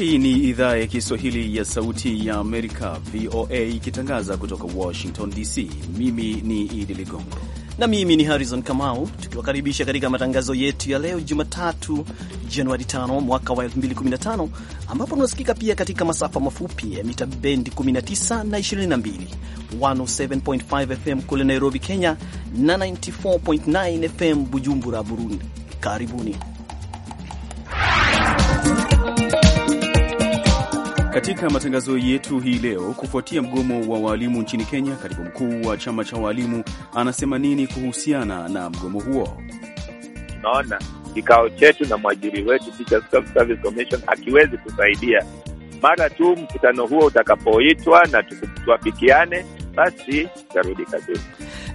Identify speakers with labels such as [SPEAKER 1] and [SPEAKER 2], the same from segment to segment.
[SPEAKER 1] Hii ni idhaa ya Kiswahili ya Sauti ya Amerika, VOA, ikitangaza kutoka Washington DC. Mimi ni Idi Ligongo
[SPEAKER 2] na mimi ni Harrison Kamau, tukiwakaribisha katika matangazo yetu ya leo Jumatatu, Januari 5 mwaka wa 2015, ambapo tunasikika pia katika masafa mafupi ya mita bendi 19 na 22, 107.5 FM kule Nairobi, Kenya na 94.9 FM Bujumbura, Burundi. Karibuni.
[SPEAKER 1] katika matangazo yetu hii leo. Kufuatia mgomo wa waalimu nchini Kenya, katibu mkuu wa chama cha waalimu anasema nini kuhusiana na mgomo huo?
[SPEAKER 3] unaona kikao chetu na mwajiri wetu Teachers Service Commission akiwezi kusaidia. Mara tu mkutano huo utakapoitwa na tuafikiane, basi tarudi kazini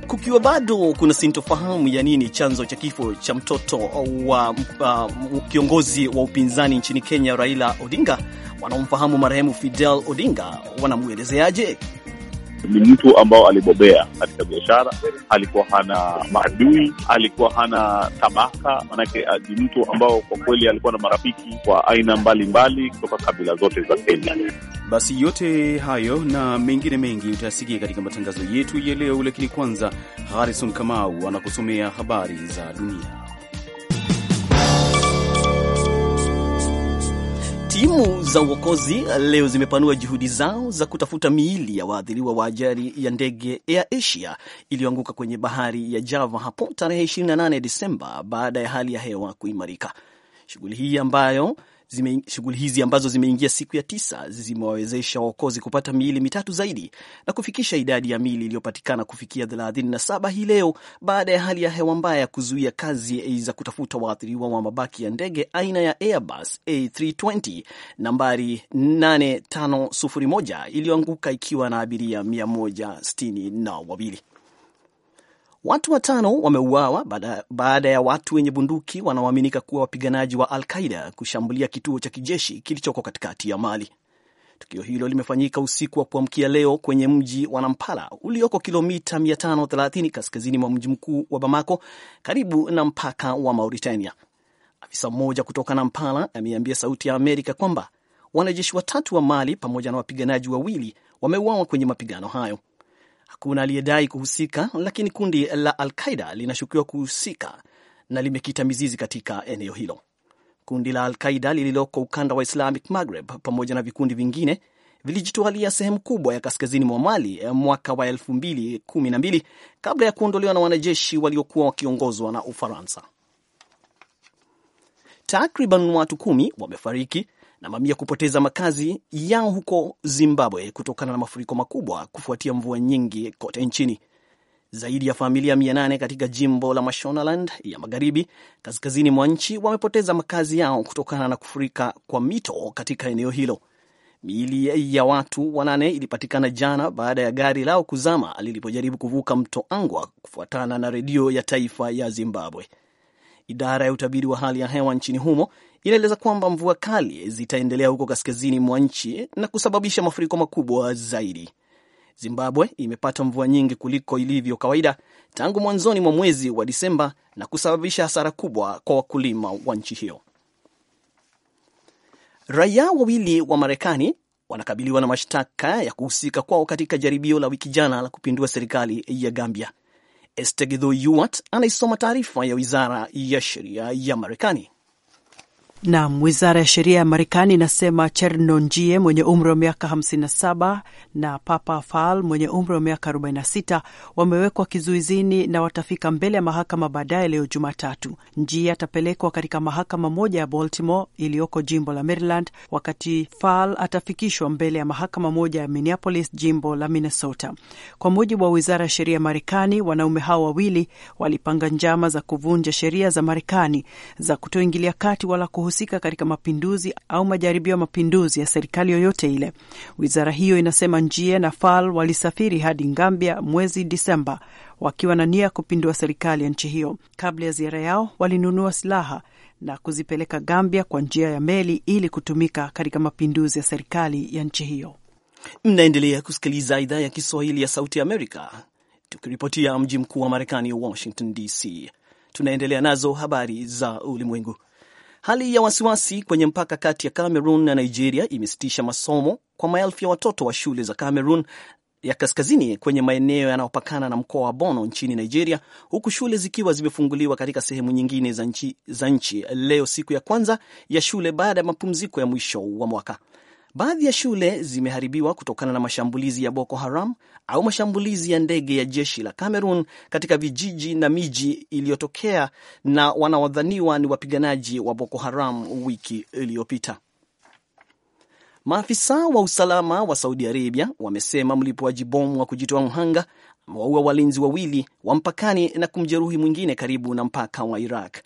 [SPEAKER 2] kukiwa bado kuna sintofahamu ya nini chanzo cha kifo cha mtoto wa uh, kiongozi wa upinzani nchini Kenya Raila Odinga. Wanaomfahamu
[SPEAKER 4] marehemu Fidel Odinga wanamwelezeaje? ni mtu ambao alibobea katika biashara, alikuwa hana maadui, alikuwa hana tabaka, manake ah, ni mtu ambao kwa kweli alikuwa na marafiki wa aina mbalimbali kutoka kabila zote za Kenya.
[SPEAKER 1] Basi yote hayo na mengine mengi utayasikia katika matangazo yetu ya leo, lakini kwanza Harrison Kamau anakusomea habari za dunia.
[SPEAKER 2] Timu za uokozi leo zimepanua juhudi zao za kutafuta miili ya waathiriwa wa ajali ya ndege Air Asia iliyoanguka kwenye bahari ya Java hapo tarehe 28 Desemba baada ya hali ya hewa kuimarika. Shughuli hii ambayo zime, shughuli hizi ambazo zimeingia siku ya tisa zimewawezesha waokozi kupata miili mitatu zaidi na kufikisha idadi ya miili iliyopatikana kufikia 37 hii leo baada ya hali ya hewa mbaya ya kuzuia kazi za kutafuta waathiriwa wa mabaki ya ndege aina ya Airbus A320 nambari 8501 iliyoanguka ikiwa na abiria 162. Watu watano wameuawa baada, baada ya watu wenye bunduki wanaoaminika kuwa wapiganaji wa Al-Qaida kushambulia kituo cha kijeshi kilichoko katikati ya Mali. Tukio hilo limefanyika usiku wa kuamkia leo kwenye mji wa Nampala ulioko kilomita 530 kaskazini mwa mji mkuu wa Bamako, karibu na mpaka wa Mauritania. Afisa mmoja kutoka Nampala ameambia Sauti ya Amerika kwamba wanajeshi watatu wa Mali pamoja na wapiganaji wawili wameuawa kwenye mapigano hayo. Hakuna aliyedai kuhusika, lakini kundi la Al-Qaida linashukiwa kuhusika na limekita mizizi katika eneo hilo. Kundi la Al-Qaida lililoko ukanda wa Islamic Maghreb pamoja na vikundi vingine vilijitwalia sehemu kubwa ya kaskazini mwa Mali mwaka wa mbili kabla ya kuondolewa na wanajeshi waliokuwa wakiongozwa na Ufaransa. Takriban watu kumi wamefariki na mamia kupoteza makazi yao huko Zimbabwe kutokana na mafuriko makubwa kufuatia mvua nyingi kote nchini. Zaidi ya familia 800 katika jimbo la Mashonaland ya magharibi kaskazini mwa nchi wamepoteza makazi yao kutokana na kufurika kwa mito katika eneo hilo. Miili ya watu wanane ilipatikana jana baada ya gari lao kuzama lilipojaribu kuvuka mto Angwa, kufuatana na redio ya taifa ya Zimbabwe. Idara ya utabiri wa hali ya hewa nchini humo inaeleza kwamba mvua kali zitaendelea huko kaskazini mwa nchi na kusababisha mafuriko makubwa zaidi. Zimbabwe imepata mvua nyingi kuliko ilivyo kawaida tangu mwanzoni mwa mwezi wa Disemba na kusababisha hasara kubwa kwa wakulima wa nchi hiyo. Raia wawili wa Marekani wanakabiliwa na mashtaka ya kuhusika kwao katika jaribio la wiki jana la kupindua serikali ya Gambia. Estegidho Yuat anaisoma taarifa ya wizara ya sheria ya Marekani.
[SPEAKER 5] Nam, wizara ya sheria ya Marekani inasema Cherno Njie mwenye umri wa miaka 57 na Papa Fal mwenye umri wa miaka 46 wamewekwa kizuizini na watafika mbele ya mahakama baadaye leo Jumatatu. Njie atapelekwa katika mahakama moja ya Baltimore iliyoko jimbo la Maryland, wakati Fal atafikishwa mbele ya mahakama moja ya Minneapolis, jimbo la Minnesota. Kwa mujibu wa wizara ya sheria ya Marekani, wanaume hao wawili walipanga njama za kuvunja sheria za Marekani za kutoingilia kati wala kuhusika katika mapinduzi au majaribio ya mapinduzi ya serikali yoyote ile. Wizara hiyo inasema Njie na Fal walisafiri hadi Ngambia mwezi Disemba wakiwa na nia ya kupindua serikali ya nchi hiyo. Kabla ya ziara yao, walinunua silaha na kuzipeleka Gambia kwa njia ya meli ili kutumika katika mapinduzi ya serikali ya nchi hiyo.
[SPEAKER 2] Mnaendelea kusikiliza idhaa ya Kiswahili ya Sauti Amerika, tukiripotia mji mkuu wa Marekani, Washington DC. Tunaendelea nazo habari za ulimwengu. Hali ya wasiwasi kwenye mpaka kati ya Cameroon na Nigeria imesitisha masomo kwa maelfu ya watoto wa shule za Cameroon ya kaskazini kwenye maeneo yanayopakana na mkoa wa Bono nchini Nigeria, huku shule zikiwa zimefunguliwa katika sehemu nyingine za nchi, za nchi leo siku ya kwanza ya shule baada ya mapumziko ya mwisho wa mwaka. Baadhi ya shule zimeharibiwa kutokana na mashambulizi ya Boko Haram au mashambulizi ya ndege ya jeshi la Cameroon katika vijiji na miji iliyotokea na wanaodhaniwa ni wapiganaji wa Boko Haram wiki iliyopita. Maafisa wa usalama wa Saudi Arabia wamesema mlipuaji bomu wa kujitoa mhanga amewaua walinzi wawili wa mpakani na kumjeruhi mwingine karibu na mpaka wa Iraq.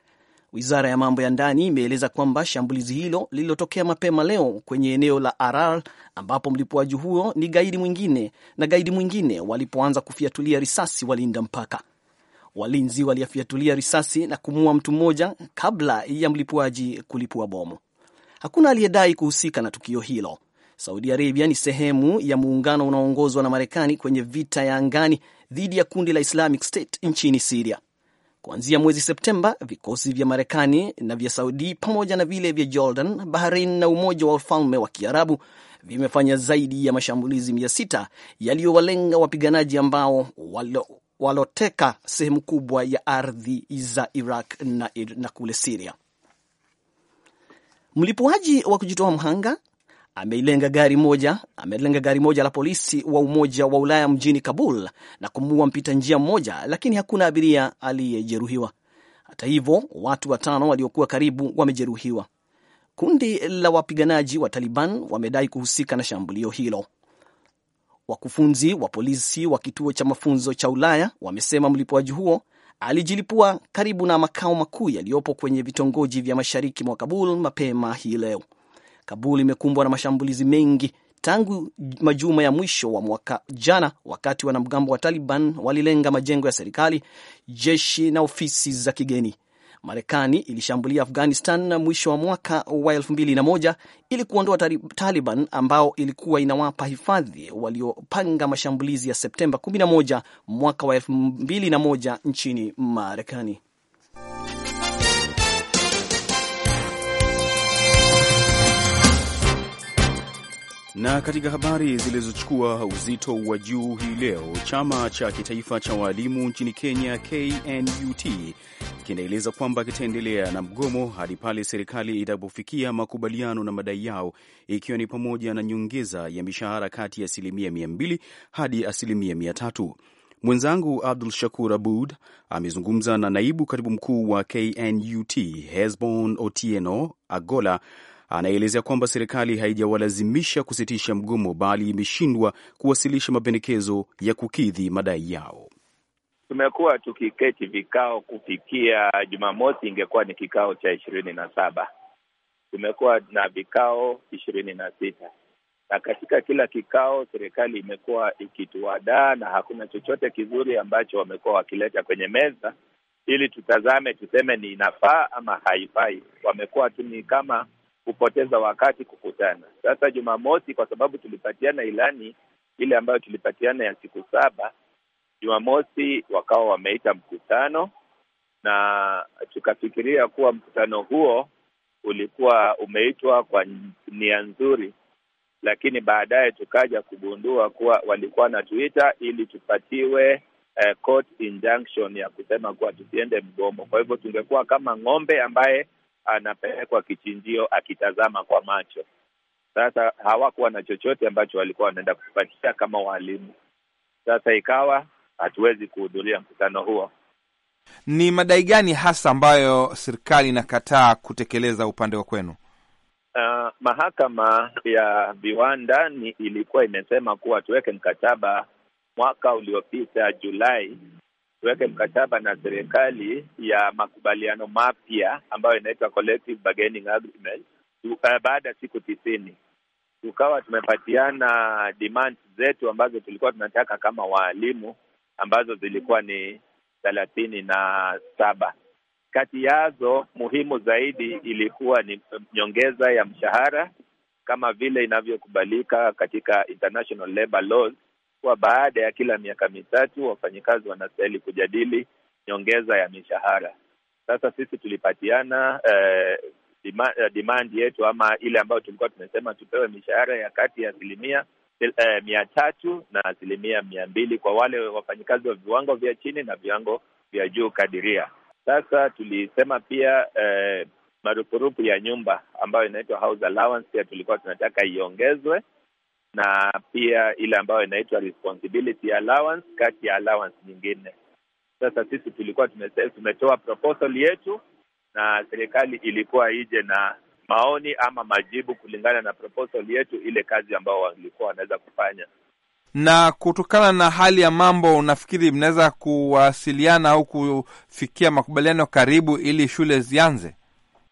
[SPEAKER 2] Wizara ya mambo ya ndani imeeleza kwamba shambulizi hilo lililotokea mapema leo kwenye eneo la Arar ambapo mlipuaji huo ni gaidi mwingine na gaidi mwingine walipoanza kufiatulia risasi walinda mpaka. Walinzi waliafiatulia risasi na kumua mtu mmoja kabla ya mlipuaji kulipua bomu. Hakuna aliyedai kuhusika na tukio hilo. Saudi Arabia ni sehemu ya muungano unaoongozwa na Marekani kwenye vita ya angani dhidi ya kundi la Islamic State nchini Siria. Kuanzia mwezi Septemba, vikosi vya Marekani na vya Saudi pamoja na vile vya Jordan, Bahrain na Umoja wa Ufalme wa Kiarabu vimefanya zaidi ya mashambulizi mia sita yaliyowalenga wapiganaji ambao walo, waloteka sehemu kubwa ya ardhi za Iraq na, na kule Siria. Mlipuaji wa kujitoa mhanga ameilenga gari moja amelenga gari moja la polisi wa Umoja wa Ulaya mjini Kabul na kumuua mpita njia mmoja, lakini hakuna abiria aliyejeruhiwa. Hata hivyo, watu watano waliokuwa karibu wamejeruhiwa. Kundi la wapiganaji wa Taliban wamedai kuhusika na shambulio hilo. Wakufunzi wa polisi wa kituo cha mafunzo cha Ulaya wamesema mlipuaji huo alijilipua karibu na makao makuu yaliyopo kwenye vitongoji vya mashariki mwa Kabul mapema hii leo. Kabul imekumbwa na mashambulizi mengi tangu majuma ya mwisho wa mwaka jana, wakati wanamgambo wa Taliban walilenga majengo ya serikali, jeshi na ofisi za kigeni. Marekani ilishambulia Afghanistan na mwisho wa mwaka wa 2001 ili kuondoa Taliban ambao ilikuwa inawapa hifadhi waliopanga mashambulizi ya Septemba 11 mwaka wa 2001 nchini Marekani.
[SPEAKER 1] Na katika habari zilizochukua uzito wa juu hii leo, chama cha kitaifa cha waalimu nchini Kenya KNUT kinaeleza kwamba kitaendelea na mgomo hadi pale serikali itapofikia makubaliano na madai yao, ikiwa ni pamoja na nyongeza ya mishahara kati ya asilimia mia hadi asilimia mia Mwenzangu Abdul Shakur Abud amezungumza na naibu katibu mkuu wa KNUT Hesbon Otieno Agola Anaelezea kwamba serikali haijawalazimisha kusitisha mgomo, bali imeshindwa kuwasilisha mapendekezo ya kukidhi madai yao.
[SPEAKER 3] Tumekuwa tukiketi vikao kufikia Jumamosi, ingekuwa ni kikao cha ishirini na saba. Tumekuwa na vikao ishirini na sita na katika kila kikao serikali imekuwa ikituadaa na hakuna chochote kizuri ambacho wamekuwa wakileta kwenye meza ili tutazame tuseme ni inafaa ama haifai. Wamekuwa tu ni kama kupoteza wakati kukutana. Sasa Jumamosi, kwa sababu tulipatiana ilani ile ambayo tulipatiana ya siku saba, Jumamosi wakawa wameita mkutano, na tukafikiria kuwa mkutano huo ulikuwa umeitwa kwa nia nzuri, lakini baadaye tukaja kugundua kuwa walikuwa wanatuita ili tupatiwe uh, court injunction ya kusema kuwa tusiende mgomo. Kwa hivyo tungekuwa kama ng'ombe ambaye anapelekwa kichinjio akitazama kwa macho. Sasa hawakuwa na chochote ambacho walikuwa wanaenda kupatia kama walimu. Sasa ikawa hatuwezi kuhudhuria mkutano huo.
[SPEAKER 6] Ni madai gani hasa ambayo serikali inakataa kutekeleza upande wa kwenu?
[SPEAKER 3] Uh, mahakama ya viwanda ni ilikuwa imesema kuwa tuweke mkataba mwaka uliopita Julai tuweke mkataba na serikali ya makubaliano mapya ambayo inaitwa collective bargaining agreement eh, baada ya siku tisini tukawa tumepatiana demands zetu ambazo tulikuwa tunataka kama waalimu ambazo zilikuwa ni thelathini na saba. Kati yazo muhimu zaidi ilikuwa ni nyongeza ya mshahara kama vile inavyokubalika katika international labor laws kuwa baada ya kila miaka mitatu wafanyikazi wanastahili kujadili nyongeza ya mishahara. Sasa sisi tulipatiana eh, dima, eh, yetu ama ile ambayo tulikuwa tumesema tupewe mishahara ya kati ya asilimia eh, mia tatu na asilimia mia mbili kwa wale wafanyikazi wa viwango vya chini na viwango vya juu kadiria. Sasa tulisema pia eh, marupurupu ya nyumba ambayo inaitwa house allowance pia tulikuwa tunataka iongezwe na pia ile ambayo inaitwa responsibility allowance kati ya allowance nyingine. Sasa sisi tulikuwa tumese, tumetoa proposal yetu na serikali ilikuwa ije na maoni ama majibu kulingana na proposal yetu, ile kazi ambayo walikuwa wanaweza kufanya.
[SPEAKER 6] Na kutokana na hali ya mambo, unafikiri mnaweza kuwasiliana au kufikia makubaliano karibu ili shule zianze?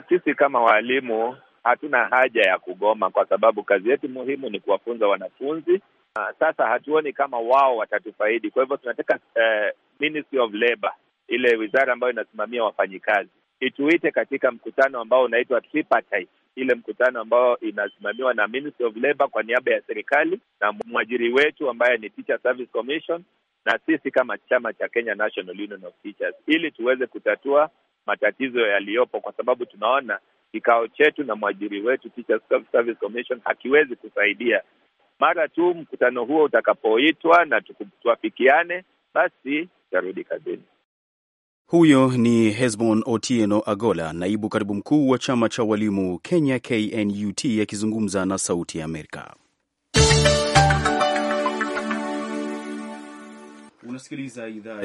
[SPEAKER 3] Sisi kama waalimu hatuna haja ya kugoma, kwa sababu kazi yetu muhimu ni kuwafunza wanafunzi. Ah, sasa hatuoni kama wao watatufaidi, kwa hivyo tunataka eh, Ministry of Labor, ile wizara ambayo inasimamia wafanyikazi ituite katika mkutano ambao unaitwa tripartite, ile mkutano ambao inasimamiwa na Ministry of Labor kwa niaba ya serikali na mwajiri wetu ambaye ni Teacher Service Commission na sisi kama chama cha Kenya National Union of Teachers, ili tuweze kutatua matatizo yaliyopo, kwa sababu tunaona kikao chetu na mwajiri wetu Teachers Service Commission hakiwezi kusaidia. Mara tu mkutano huo utakapoitwa na tuafikiane, basi tarudi kazini.
[SPEAKER 1] Huyo ni Hesbon Otieno Agola, naibu katibu mkuu wa chama cha walimu Kenya KNUT, akizungumza na Sauti ya Amerika. Unasikiliza idhaa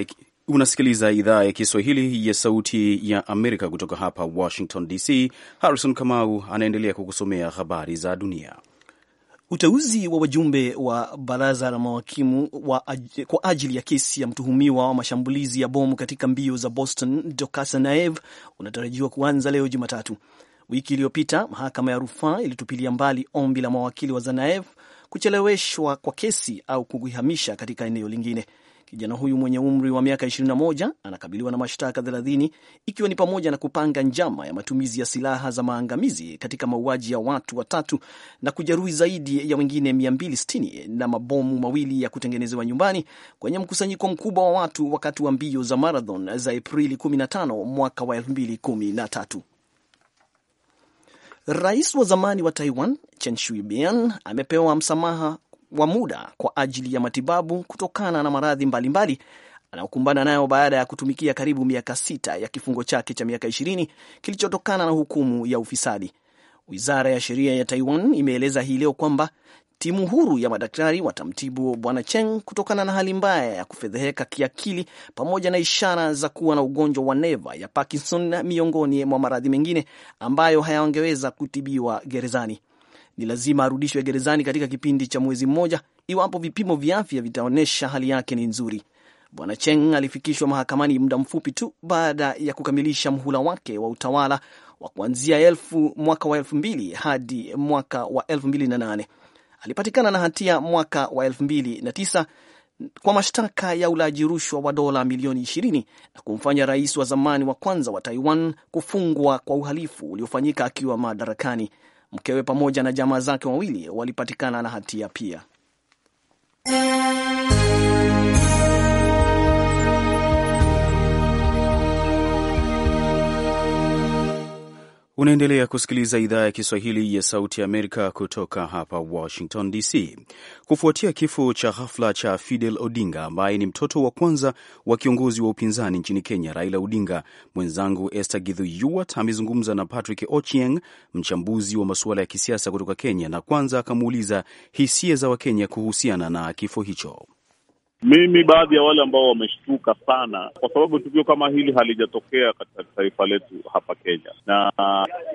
[SPEAKER 1] unasikiliza idhaa ya Kiswahili ya Sauti ya Amerika kutoka hapa Washington DC. Harrison Kamau anaendelea kukusomea habari za dunia.
[SPEAKER 2] Uteuzi wa wajumbe wa baraza la mawakimu wa aj kwa ajili ya kesi ya mtuhumiwa wa mashambulizi ya bomu katika mbio za Boston Dokasanaev unatarajiwa kuanza leo Jumatatu. Wiki iliyopita mahakama ya rufaa ilitupilia mbali ombi la mawakili wa Zanaev kucheleweshwa kwa kesi au kuihamisha katika eneo lingine. Kijana huyu mwenye umri wa miaka 21 anakabiliwa na mashtaka 30 ikiwa ni pamoja na kupanga njama ya matumizi ya silaha za maangamizi katika mauaji ya watu watatu na kujeruhi zaidi ya wengine 260 na mabomu mawili ya kutengenezewa nyumbani kwenye mkusanyiko mkubwa wa watu wakati wa mbio za marathon za Aprili 15 mwaka wa 2013. Rais wa zamani wa Taiwan Chen Shui-bian amepewa msamaha wa muda kwa ajili ya matibabu kutokana na maradhi mbalimbali anayokumbana nayo baada ya kutumikia karibu miaka sita ya kifungo chake cha miaka ishirini kilichotokana na hukumu ya ufisadi. Wizara ya sheria ya Taiwan imeeleza hii leo kwamba timu huru ya madaktari watamtibu Bwana Cheng kutokana na hali mbaya ya kufedheheka kiakili pamoja na ishara za kuwa na ugonjwa wa neva ya Parkinson, miongoni mwa maradhi mengine ambayo hayangeweza kutibiwa gerezani ni lazima arudishwe gerezani katika kipindi cha mwezi mmoja iwapo vipimo vya afya vitaonyesha hali yake ni nzuri. Bwana Cheng alifikishwa mahakamani muda mfupi tu baada ya kukamilisha mhula wake wa utawala wa kuanzia elfu mwaka wa elfu mbili hadi mwaka wa elfu mbili na nane. Alipatikana na hatia mwaka wa elfu mbili na tisa kwa mashtaka ya ulaji rushwa wa dola milioni 20 na kumfanya rais wa zamani wa kwanza wa Taiwan kufungwa kwa uhalifu uliofanyika akiwa madarakani. Mkewe pamoja na jamaa zake wawili walipatikana na hatia pia.
[SPEAKER 1] Unaendelea kusikiliza idhaa ya Kiswahili ya Sauti ya Amerika kutoka hapa Washington DC. Kufuatia kifo cha ghafla cha Fidel Odinga ambaye ni mtoto wa kwanza wa kiongozi wa upinzani nchini Kenya, Raila Odinga, mwenzangu Esther Githu Yuat amezungumza na Patrick Ochieng, mchambuzi wa masuala ya kisiasa kutoka Kenya, na kwanza akamuuliza hisia za Wakenya kuhusiana na kifo hicho.
[SPEAKER 4] Mimi baadhi ya wale ambao wameshtuka sana, kwa sababu tukio kama hili halijatokea katika taifa letu hapa Kenya, na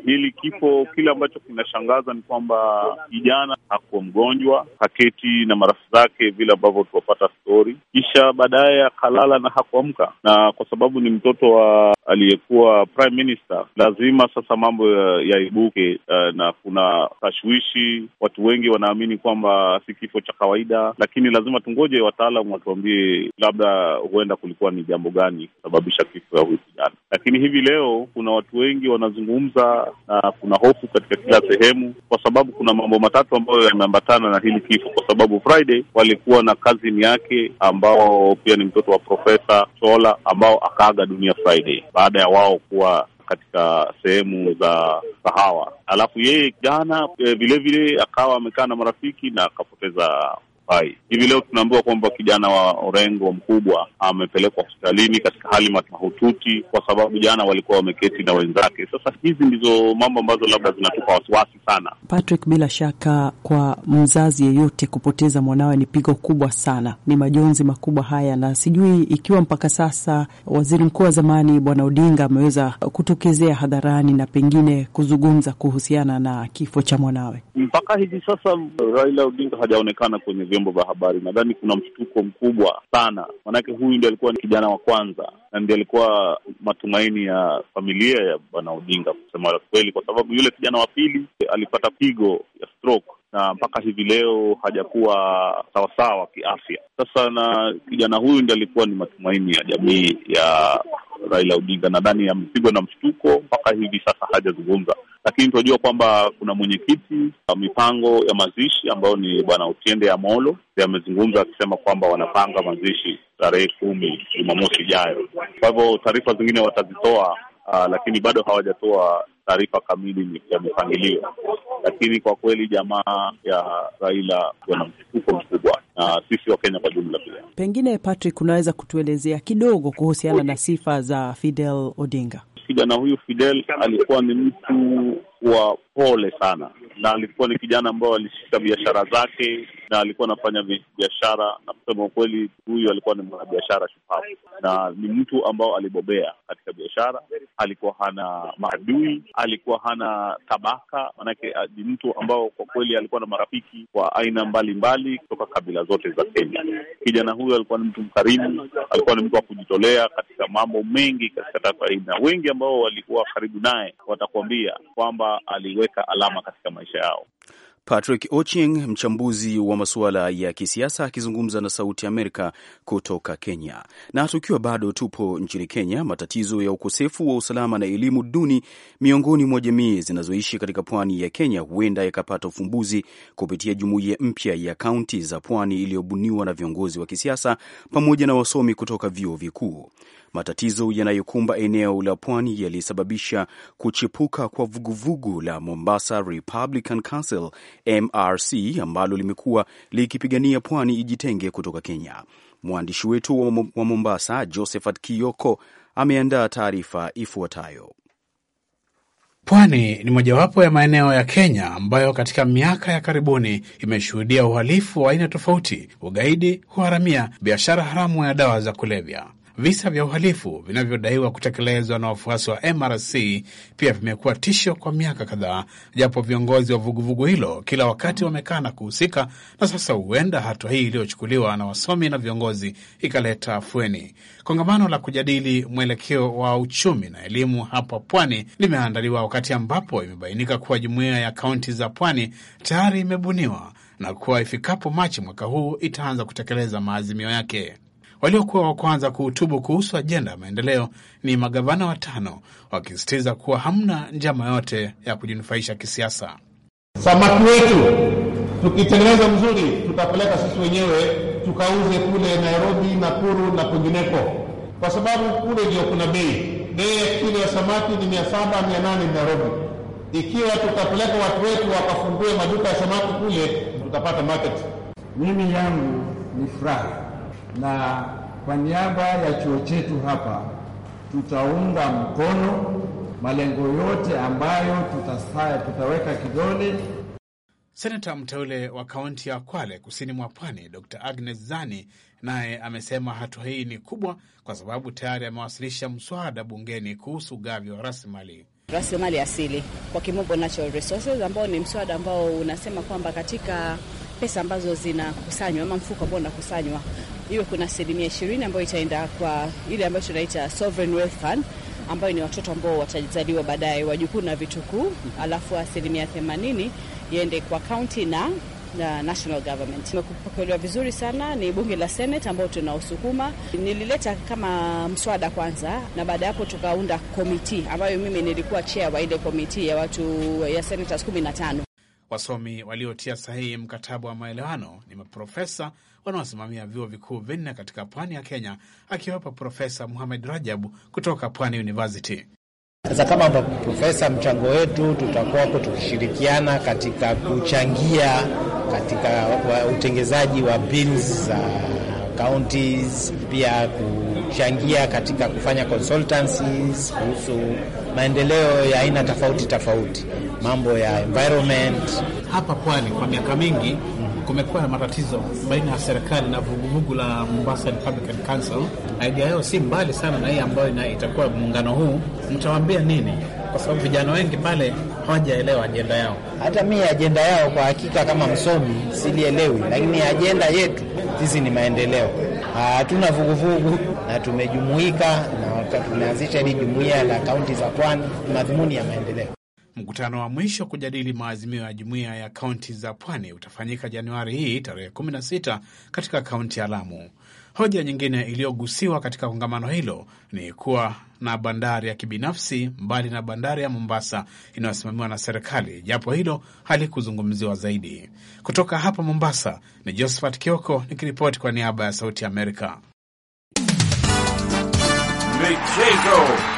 [SPEAKER 4] hili kifo, kile ambacho kinashangaza ni kwamba kijana hakuwa mgonjwa, haketi na marafiki zake vile ambavyo tuwapata stori, kisha baadaye akalala na hakuamka, na kwa sababu ni mtoto wa aliyekuwa prime minister, lazima sasa mambo yaibuke ya, eh, na kuna tashwishi. Watu wengi wanaamini kwamba si kifo cha kawaida, lakini lazima tungoje wataalam lazima tuambie labda huenda kulikuwa ni jambo gani kusababisha kifo ya huyu kijana. Lakini hivi leo kuna watu wengi wanazungumza na kuna hofu katika kila sehemu, kwa sababu kuna mambo matatu ambayo yameambatana na hili kifo, kwa sababu Friday walikuwa na kazini yake ambao pia ni mtoto wa Profesa Sola ambao akaaga dunia Friday baada ya wao kuwa katika sehemu za kahawa. Alafu yeye jana vilevile eh, akawa amekaa na marafiki na akapoteza hai. Hivi leo tunaambiwa kwamba kijana wa Orengo mkubwa amepelekwa hospitalini katika hali mahututi, kwa sababu jana walikuwa wameketi na wenzake. Sasa hizi ndizo mambo ambazo labda zinatupa wasiwasi sana,
[SPEAKER 5] Patrick. Bila shaka kwa mzazi yeyote kupoteza mwanawe ni pigo kubwa sana, ni majonzi makubwa haya, na sijui ikiwa mpaka sasa waziri mkuu wa zamani Bwana Odinga ameweza kutokezea hadharani na pengine kuzungumza kuhusiana na kifo cha mwanawe.
[SPEAKER 4] Mpaka hivi sasa Raila Odinga hajaonekana kwenye vyombo vya habari. Nadhani kuna mshtuko mkubwa sana, maanake huyu ndi alikuwa ni kijana wa kwanza na ndi alikuwa matumaini ya familia ya bwana Odinga, kusema kweli, kwa sababu yule kijana wa pili alipata pigo ya stroke na mpaka hivi leo hajakuwa sawasawa kiafya. Sasa na kijana huyu ndi alikuwa ni matumaini ya jamii ya Raila Odinga nadhani amepigwa na mshtuko mpaka hivi sasa hajazungumza, lakini tunajua kwamba kuna mwenyekiti wa mipango ya mazishi ambayo ni Bwana Otiende Amolo amezungumza akisema kwamba wanapanga mazishi tarehe kumi Jumamosi ijayo. Kwa hivyo taarifa zingine watazitoa, uh, lakini bado hawajatoa taarifa kamili ya mipangilio. Lakini kwa kweli jamaa ya Raila wana mshtuko mkubwa na sisi kenya kwa jumla pia.
[SPEAKER 5] Pengine Patrick, unaweza kutuelezea kidogo kuhusiana na sifa za Fidel Odinga?
[SPEAKER 4] Kijana huyu Fidel alikuwa ni mtu wa pole sana, na alikuwa ni kijana ambayo alishika biashara zake, na alikuwa anafanya biashara, na kusema ukweli, huyu alikuwa ni mwanabiashara shupavu na ni mtu ambao alibobea katika biashara, alikuwa hana maadui, alikuwa hana tabaka, manake ah, ni mtu ambao kwa kweli alikuwa na marafiki wa aina mbalimbali kutoka kabila zote za Kenya. Kijana huyo alikuwa ni mtu mkarimu, alikuwa ni mtu wa kujitolea katika mambo mengi katika taifa hili, na wengi ambao walikuwa karibu naye watakuambia kwamba aliweka alama katika maisha yao.
[SPEAKER 1] Patrick Ochieng, mchambuzi wa masuala ya kisiasa, akizungumza na Sauti ya Amerika kutoka Kenya. Na tukiwa bado tupo nchini Kenya, matatizo ya ukosefu wa usalama na elimu duni miongoni mwa jamii zinazoishi katika pwani ya Kenya huenda yakapata ufumbuzi kupitia jumuiya mpya ya kaunti za pwani iliyobuniwa na viongozi wa kisiasa pamoja na wasomi kutoka vyuo vikuu. Matatizo yanayokumba eneo la pwani yalisababisha kuchipuka kwa vuguvugu la Mombasa Republican Council MRC ambalo limekuwa likipigania pwani ijitenge kutoka Kenya. Mwandishi wetu wa Mombasa
[SPEAKER 7] Josephat kiyoko ameandaa taarifa ifuatayo. Pwani ni mojawapo ya maeneo ya Kenya ambayo katika miaka ya karibuni imeshuhudia uhalifu wa aina tofauti, ugaidi, kuharamia, biashara haramu ya dawa za kulevya. Visa vya uhalifu vinavyodaiwa kutekelezwa na wafuasi wa MRC pia vimekuwa tisho kwa miaka kadhaa, japo viongozi wa vuguvugu hilo kila wakati wamekana kuhusika, na sasa huenda hatua hii iliyochukuliwa na wasomi na viongozi ikaleta afueni. Kongamano la kujadili mwelekeo wa uchumi na elimu hapa Pwani limeandaliwa wakati ambapo imebainika kuwa jumuiya ya kaunti za Pwani tayari imebuniwa na kuwa ifikapo Machi mwaka huu itaanza kutekeleza maazimio yake. Waliokuwa wa kwanza kuhutubu kuhusu ajenda ya maendeleo ni magavana watano, wakisisitiza kuwa hamna njama yote ya kujinufaisha kisiasa. Samaki wetu
[SPEAKER 5] tukitengeneza
[SPEAKER 4] mzuri, tutapeleka sisi wenyewe tukauze kule Nairobi, Nakuru na kwingineko, kwa sababu kule ndio kuna bei. Bei ya kilo ya samaki ni mia saba mia nane Nairobi. Ikiwa tutapeleka watu wetu wakafungue maduka ya samaki kule, tutapata
[SPEAKER 6] market. Mimi yangu ni furaha na kwa niaba ya chuo chetu hapa tutaunga mkono malengo yote ambayo tutasaya, tutaweka
[SPEAKER 7] kidole. Senata mteule wa kaunti ya Kwale kusini mwa Pwani, Dr Agnes Zani naye amesema hatua hii ni kubwa kwa sababu tayari amewasilisha mswada bungeni kuhusu ugavi wa rasilimali
[SPEAKER 8] rasilimali asili kwa kimombo natural resources, ambao ni mswada ambao unasema kwamba katika pesa ambazo zinakusanywa ama mfuko ambao unakusanywa iwe kuna asilimia ishirini ambayo itaenda kwa ile ambayo tunaita sovereign wealth fund ambayo ni watoto ambao watazaliwa baadaye, wajukuu na vitukuu, alafu asilimia themanini iende kwa kaunti na na national government. vizuri sana, ni bunge la Senate ambao tunaosukuma. Nilileta kama mswada kwanza, na baada ya hapo tukaunda komiti ambayo mimi nilikuwa chair wa ile komiti ya watu ya senators kumi na tano.
[SPEAKER 7] Wasomi waliotia sahihi mkataba wa maelewano ni maprofesa wanaosimamia vyuo vikuu vinne katika pwani ya Kenya, akiwepo Profesa Muhamed Rajabu kutoka Pwani University. Sasa kama profesa, mchango wetu ko tukishirikiana katika kuchangia katika utengezaji wa bills za uh, counties, pia kuchangia katika kufanya consultancies kuhusu maendeleo ya aina tofauti tofauti, mambo ya environment hapa pwani. Kwa miaka mingi kumekuwa na matatizo baina ya serikali na vuguvugu la Mombasa Republican Council. Idea yao si mbali sana na hii ambayo itakuwa muungano huu, mtawaambia nini? Kwa sababu vijana wengi pale hawajaelewa ajenda yao. Hata mimi ajenda yao kwa hakika, kama msomi silielewi,
[SPEAKER 2] lakini ajenda yetu sisi ni maendeleo. Hatuna vuguvugu na tumejumuika na tumeanzisha hili jumuiya la kaunti za Pwani, madhumuni ya maendeleo.
[SPEAKER 7] Mkutano wa mwisho kujadili maazimio ya jumuiya ya kaunti za pwani utafanyika Januari hii tarehe 16 katika kaunti ya Lamu. Hoja nyingine iliyogusiwa katika kongamano hilo ni kuwa na bandari ya kibinafsi mbali na bandari ya Mombasa inayosimamiwa na serikali, japo hilo halikuzungumziwa zaidi. Kutoka hapa Mombasa ni Josephat Kioko nikiripoti kwa niaba ya Sauti ya Amerika.
[SPEAKER 5] Michezo.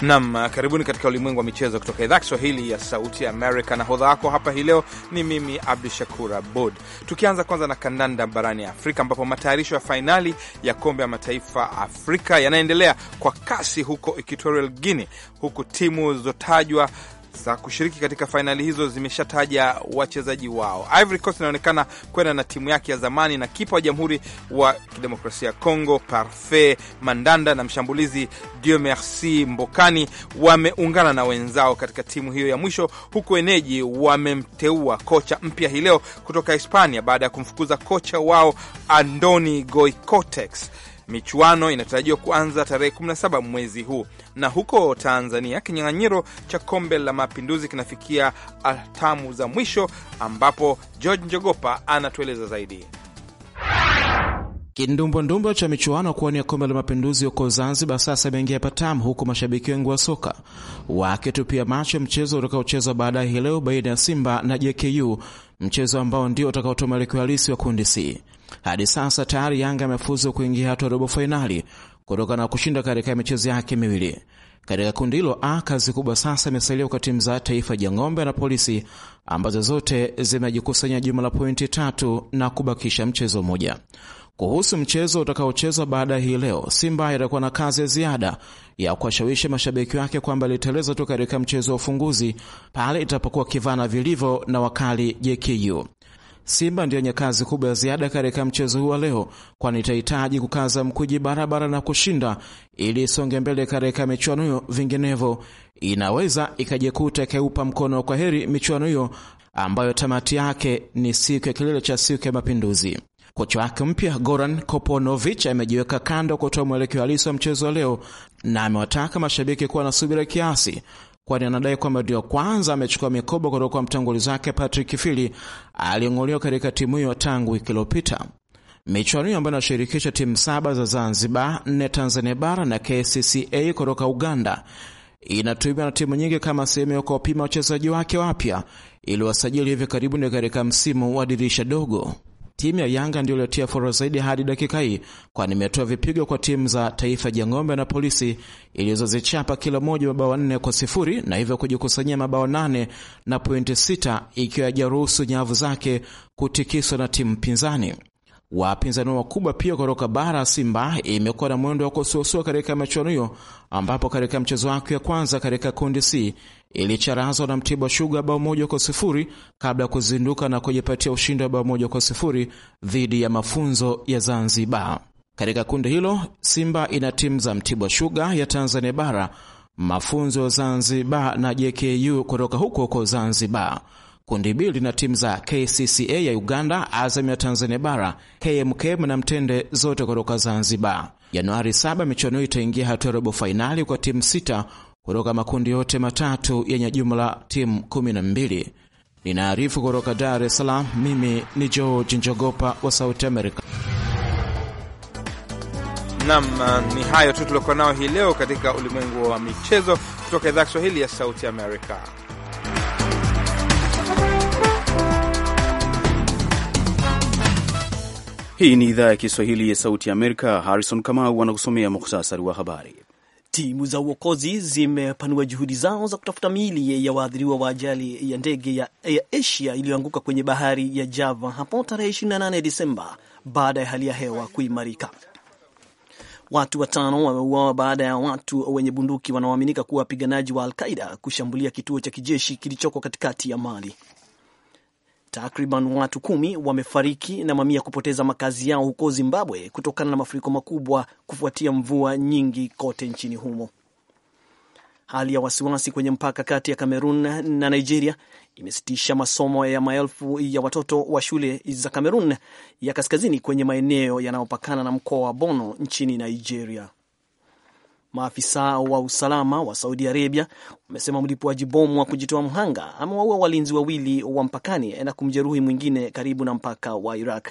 [SPEAKER 6] Nam, karibuni katika ulimwengu wa michezo kutoka idhaa Kiswahili ya Sauti ya Amerika na hodha wako hapa hii leo ni mimi Abdu Shakur Abud. Tukianza kwanza na kandanda barani Afrika ambapo matayarisho ya fainali ya kombe ya mataifa Afrika yanaendelea kwa kasi huko Equatorial Guinea, huku timu zilizotajwa za kushiriki katika fainali hizo zimeshataja wachezaji wao. Ivory Coast inaonekana kwenda na timu yake ya zamani na kipa wa Jamhuri wa Kidemokrasia ya Kongo Parfait Mandanda na mshambulizi Dieu Merci Mbokani wameungana na wenzao katika timu hiyo ya mwisho, huku wenyeji wamemteua kocha mpya hii leo kutoka Hispania baada ya kumfukuza kocha wao Andoni Goicotex. Michuano inatarajiwa kuanza tarehe 17 mwezi huu. Na huko Tanzania, kinyang'anyiro cha kombe la mapinduzi kinafikia atamu za mwisho, ambapo George Njogopa anatueleza zaidi.
[SPEAKER 9] Kindumbondumbo cha michuano kuwania kombe la mapinduzi huko Zanzibar sasa imeingia patamu, huku mashabiki wengi wa soka wakitupia macho mchezo utakaochezwa baadaye hii leo baina ya Simba na JKU, mchezo ambao ndio utakaotoa mwelekeo halisi wa kundi C. Hadi sasa tayari Yanga amefuzu kuingia hatua robo fainali kutokana na kushinda katika michezo yake miwili. Katika kundi hilo A, kazi kubwa sasa imesalia kwa timu za Taifa Jang'ombe na Polisi ambazo zote zimejikusanya jumla la pointi tatu na kubakisha mchezo mmoja. Kuhusu mchezo utakaochezwa baada ya hii leo, Simba itakuwa na kazi ya ziada ya kuwashawishi mashabiki wake kwamba iliteleza tu katika mchezo wa ufunguzi pale itapokuwa kivana vilivyo na wakali JKU. Simba ndiyo yenye kazi kubwa ya ziada katika mchezo huu wa leo, kwani itahitaji kukaza mkuji barabara na kushinda ili isonge mbele katika michuano hiyo, vinginevyo inaweza ikajikuta ikaupa mkono kwa heri michuano hiyo ambayo tamati yake ni siku ya kilele cha siku ya Mapinduzi. Kocha wake mpya Goran Koponovich amejiweka kando kutoa mwelekeo halisi wa mchezo wa leo na amewataka mashabiki kuwa na subira kiasi, kwani anadai kwamba ndio kwanza amechukua mikopo kutoka kwa mtangulizi wake Patrick Fili aliyeng'olewa katika timu hiyo tangu wiki iliyopita. Michuano hiyo ambayo inashirikisha timu saba za Zanzibar, nne Tanzania bara na KCCA kutoka Uganda inatumiwa na timu nyingi kama sehemu ya kuwapima wachezaji wake wapya iliwasajili hivi karibuni katika msimu wa dirisha dogo timu ya Yanga ndio iliyotia fora zaidi hadi dakika hii, kwani imetoa vipigo kwa timu za Taifa Jang'ombe na Polisi ilizozichapa kila moja mabao nne kwa sifuri na hivyo kujikusanyia mabao nane na pointi sita ikiwa yajaruhusu nyavu zake kutikiswa na timu pinzani. Wapinzani wakubwa pia kutoka bara Simba imekuwa na mwendo wa kusuasua katika michuano hiyo, ambapo katika mchezo wake ya kwanza katika kundi C ilicharazwa na Mtibwa Shuga bao moja kwa sifuri kabla ya kuzinduka na kujipatia ushindi wa bao moja kwa sifuri dhidi ya Mafunzo ya Zanzibar. Katika kundi hilo Simba ina timu za Mtibwa Shuga ya Tanzania Bara, Mafunzo ya Zanzibar na JKU kutoka huko huko Zanzibar. Kundi B lina timu za KCCA ya Uganda, Azam ya Tanzania Bara, KMKM na Mtende, zote kutoka Zanzibar. Januari 7 michuano hiyo itaingia hatua ya robo fainali kwa timu sita kutoka makundi yote matatu yenye jumla timu 12. Ninaarifu kutoka Dar es Salaam, mimi ni George Njogopa wa Sauti america
[SPEAKER 6] Nam, uh, ni hayo tu tuliokuwa nao hii leo katika ulimwengu wa michezo kutoka idhaa ya Kiswahili ya Sauti america
[SPEAKER 1] Hii ni idhaa ya Kiswahili ya Sauti ya Amerika. Harrison Kamau anakusomea muhtasari wa habari.
[SPEAKER 2] Timu za uokozi zimepanua juhudi zao za kutafuta miili ya waathiriwa wa ajali ya ndege ya Air Asia iliyoanguka kwenye bahari ya Java hapo tarehe 28 Desemba baada ya hali ya hewa kuimarika. Watu watano wameuawa baada ya watu wenye bunduki wanaoaminika kuwa wapiganaji wa Alqaida kushambulia kituo cha kijeshi kilichoko katikati ya Mali. Takriban watu kumi wamefariki na mamia kupoteza makazi yao huko Zimbabwe kutokana na mafuriko makubwa kufuatia mvua nyingi kote nchini humo. Hali ya wasiwasi kwenye mpaka kati ya Kamerun na Nigeria imesitisha masomo ya maelfu ya watoto wa shule za Kamerun ya kaskazini kwenye maeneo yanayopakana na mkoa wa Bono nchini Nigeria. Maafisa wa usalama wa Saudi Arabia wamesema mlipuaji bomu wa kujitoa mhanga amewaua walinzi wawili wa mpakani na kumjeruhi mwingine karibu na mpaka wa Iraq.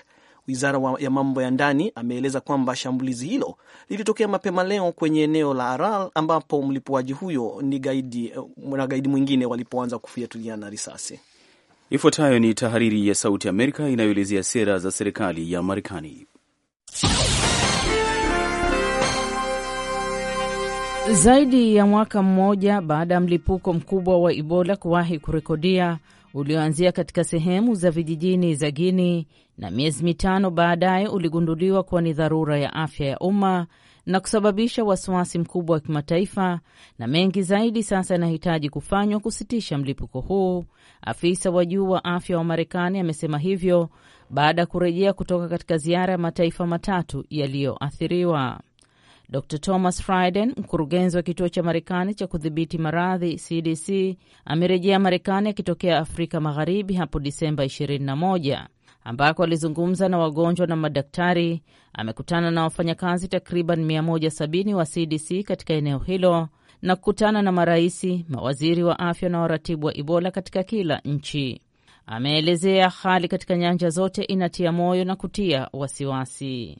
[SPEAKER 2] Wizara ya mambo ya ndani ameeleza kwamba shambulizi hilo lilitokea mapema leo kwenye eneo la Aral ambapo mlipuaji huyo ni gaidi na gaidi mwingine walipoanza kufiatuliana risasi.
[SPEAKER 1] Ifuatayo ni tahariri ya Sauti Amerika inayoelezea sera za serikali ya Marekani.
[SPEAKER 8] Zaidi ya mwaka mmoja baada ya mlipuko mkubwa wa Ebola kuwahi kurekodia ulioanzia katika sehemu za vijijini za Guini na miezi mitano baadaye uligunduliwa kuwa ni dharura ya afya ya umma na kusababisha wasiwasi mkubwa wa kimataifa, na mengi zaidi sasa yanahitaji kufanywa kusitisha mlipuko huu. Afisa wa juu wa afya wa Marekani amesema hivyo baada ya kurejea kutoka katika ziara ya mataifa matatu yaliyoathiriwa. Dr Thomas Frieden, mkurugenzi wa kituo cha Marekani cha kudhibiti maradhi CDC, amerejea Marekani akitokea Afrika Magharibi hapo Disemba 21 ambako alizungumza na wagonjwa na madaktari. Amekutana na wafanyakazi takriban 170 wa CDC katika eneo hilo na kukutana na maraisi, mawaziri wa afya na waratibu wa Ebola katika kila nchi. Ameelezea hali katika nyanja zote inatia moyo na kutia wasiwasi.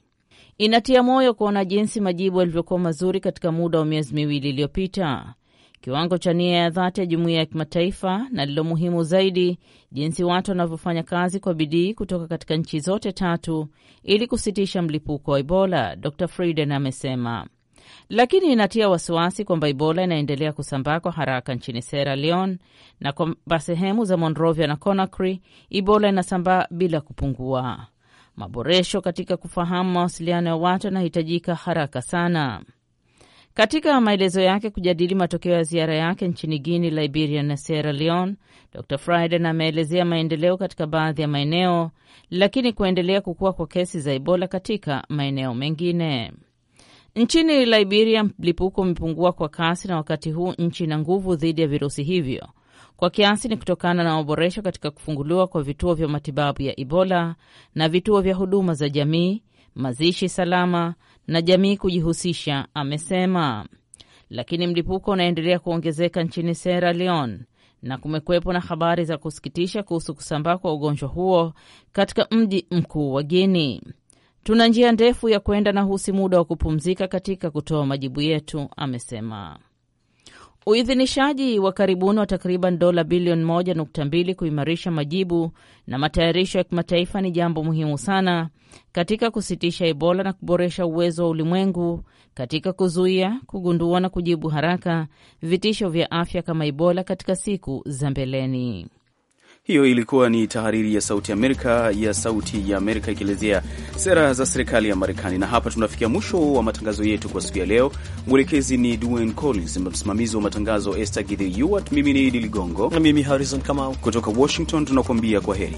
[SPEAKER 8] Inatia moyo kuona jinsi majibu yalivyokuwa mazuri katika muda wa miezi miwili iliyopita. Kiwango cha nia ya dhati ya jumuiya ya kimataifa na lilo muhimu zaidi, jinsi watu wanavyofanya kazi kwa bidii kutoka katika nchi zote tatu ili kusitisha mlipuko wa Ebola, Dr Frieden amesema. Lakini inatia wasiwasi kwamba Ebola inaendelea kusambaa kwa haraka nchini Sierra Leone na kwamba sehemu za Monrovia na Conakry Ebola inasambaa bila kupungua. Maboresho katika kufahamu mawasiliano ya watu yanahitajika haraka sana. Katika maelezo yake kujadili matokeo ya ziara yake nchini Guini, Liberia na Sierra Leone, Dr friden ameelezea maendeleo katika baadhi ya maeneo, lakini kuendelea kukua kwa kesi za Ebola katika maeneo mengine. Nchini Liberia, mlipuko umepungua kwa kasi, na wakati huu nchi ina nguvu dhidi ya virusi hivyo kwa kiasi ni kutokana na maboresho katika kufunguliwa kwa vituo vya matibabu ya Ebola na vituo vya huduma za jamii, mazishi salama na jamii kujihusisha, amesema. Lakini mlipuko unaendelea kuongezeka nchini Sierra Leone na kumekuwepo na habari za kusikitisha kuhusu kusambaa kwa ugonjwa huo katika mji mkuu wa Guinea. Tuna njia ndefu ya kwenda na husi muda wa kupumzika katika kutoa majibu yetu, amesema. Uidhinishaji wa karibuni wa takriban dola bilioni 1.2 kuimarisha majibu na matayarisho ya kimataifa ni jambo muhimu sana katika kusitisha Ebola na kuboresha uwezo wa ulimwengu katika kuzuia, kugundua na kujibu haraka vitisho vya afya kama Ebola katika siku za mbeleni.
[SPEAKER 1] Hiyo ilikuwa ni tahariri ya Sauti Amerika ya Sauti ya Amerika ikielezea sera za serikali ya Marekani. Na hapa tunafikia mwisho wa matangazo yetu kwa siku ya leo. Mwelekezi ni Duane Collins, msimamizi wa matangazo Esther Githyuat, mimi ni Idi Ligongo na mimi Harrison Kamau kutoka Washington, tunakuambia kwa heri.